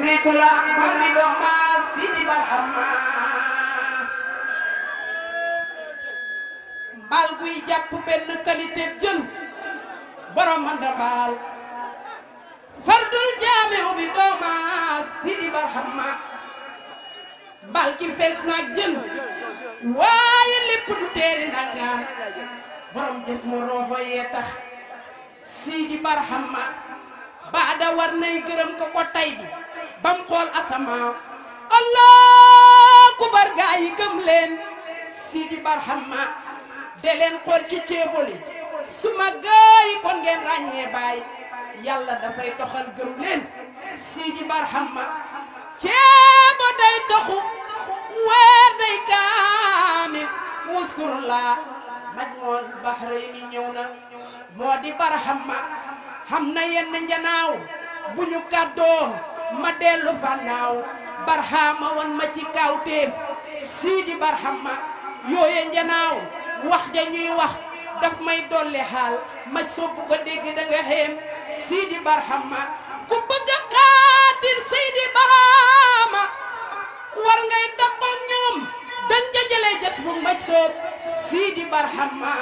Mekula Mani Doma Sidi guy jàpp benn qualité jël borom anda mbaal fardul jaamiu bi Doma Sidi Barhama mbaal ki fees naag jël waaye lépp du teeri nangaan borom gis mu tax Sidi Barhama baada war nay gërëm ko ba tey bam xool asamaa allah kubar gaa yi gëm leen sidi barhamma de leen xool ci ceeboli su ma gaay kon ngeen ràññee baay dafay doxal gëm leen sidi ma ceebo day doxu weer day kaamil muskur laa majmuul bahrayni ñëw na moo di barhamma xam na yenn njanaaw bu ñu kàddoo ma dellu fannaaw barxaama won ma ci kawteef siidi barxaama yooye wax ja ñuy wax daf may dolli xaal ma sopp ko dégg da nga siidi barxaama ku bëgg a xaatir siidi barxaama war ngay dappak ñoom dañ ca jëlee jës bu maj soob siidi barxaama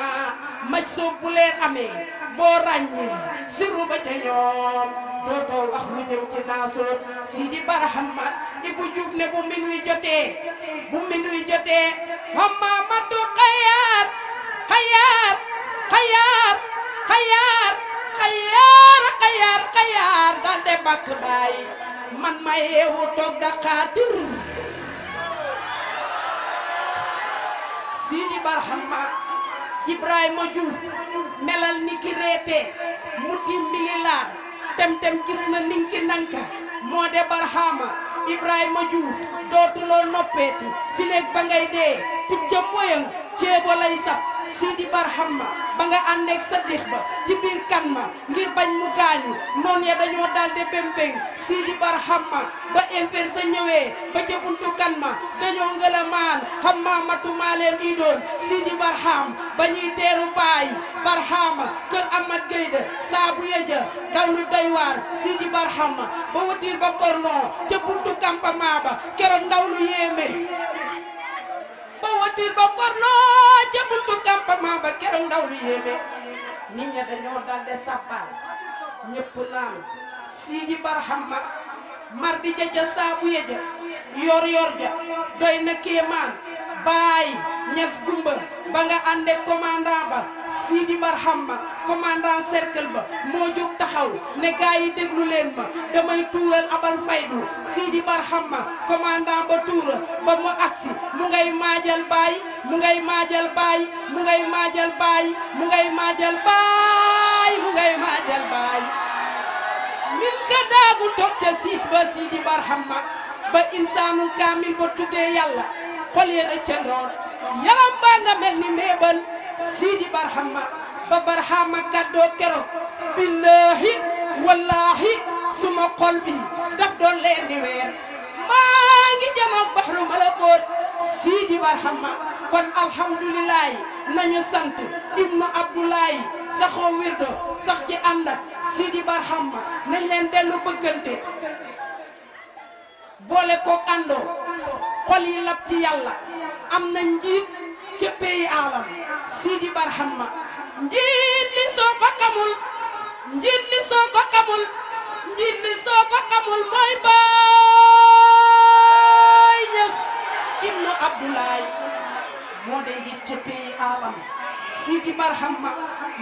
maj soob bu leer amee boo ràññee sirru ba ca ñoom dootoo wax lu jëm ci Mansour si di barahama Ibou Diouf ne bu min wi jotee bu min wi jotee xamaamatu xayaar xayaar xayaar xayaar xayaar xayaar xayaar daal de bàkk bàyyi man ma toog da xaatir si di barahama Ibrahima Diouf melal ni ki reetee mu dimbali laar tem-tem gis na ninki moo de barhaama Ibrahima Diouf dootuloo noppeeti fileeg ba ngay dee picca moyang ceebo lay sab Sidi Barham ma ba nga àndeeg sa dix ba ci biir kan ma ngir bañ mu gaañu noon ya dañoo daldi bémpéng Sidi Barham ma ba infir sa ñëwee ba ca buntu kan ma dañoo ngëla xam ma matu idoon Sidi Barham ba ñuy teeru baay Barhama kër Amat Gayda saabu yeja daw lu doy waar Sidi ma ba watiir ba kornoo ca buntu campement ba keroog ndaw lu yéem voiture ba bornoo ca buntu campement ba keroog ndaw lu yéeme nit ña dañoo dalde sàppaal ñëpp laanu siidi barhamma mar di ja ca ja yor ja doy na kéemaan baay ñes kumba ba nga ànde commandant ba Sidi Barham ma commandant cercle ba moo jóg taxaw ne yi déglu leen ma damay tuural abal faydu Sidi Barham ma commandant ba tuura ba mu agsi mu ngay maajal baay mu ngay maajal baay mu ngay maajal baay mu ngay maajal baay mu ngay maajal baay min ca siis ba Sidi Barham ma ba insaanu kaamil ba tuddee yàlla xol yi rëccandoor yaram baa nga mel ni mbéebal siidi barhama ba barhama kàddoo keroog billaahi wallaahi suma xol bi daf doon leer ni weer maa ngi janoog baxru malakoot siidi barhama kon alhamdulilahi nañu sant ibnu abdoulahi saxoo wirdo sax ci ànd ak siidi barhama nañ leen dellu bëggante boole koog àndoo xol yi lab am na njiit ci pays alam Sidi Barhama njiit li soo ko njiit li soo ko njiit li soo ko xamul Baay Ñas ibnu Abdoulaye moo de njiit ci pays alam Sidi Barhama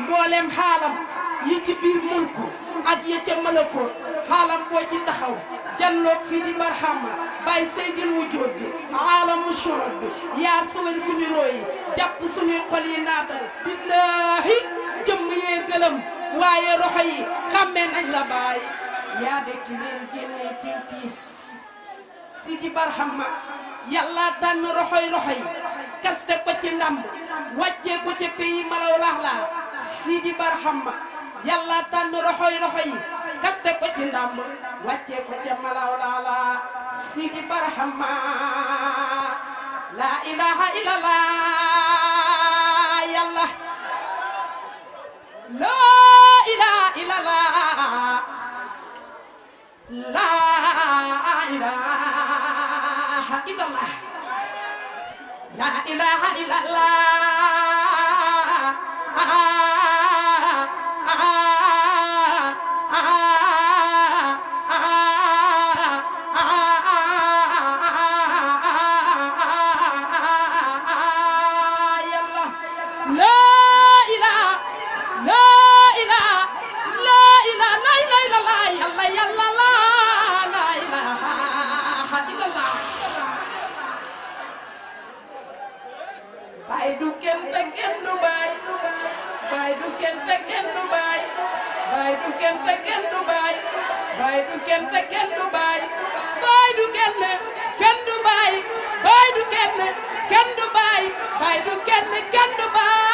mboolem xaalam yi ci biir mulku ak yëcca malako xaalam boo ci taxaw janloog Sidi Barhama bàyyi seydil wujjóot bi aalamu shurat bi yaar sawal suñu rooyi jàpp suñuy xol yi naatal billaahi jëmm yee gëlëm waaye roxo yi xàmmee nañ la bàyyi yaa dekk leen génne ci tiis Sidi Barhama yàlla tànn roxoy roxoy kaste ko ci ndam wàccee ko ci pays malaw laax laa Sidi yàlla tànn roxoy roxoy kaste ko ci ndam wàccee ko ca malaw laala sigi barahama la ilaha la ilaha illallah la ilaha la ilaha te kenn du baay baay du kenn du baay baay du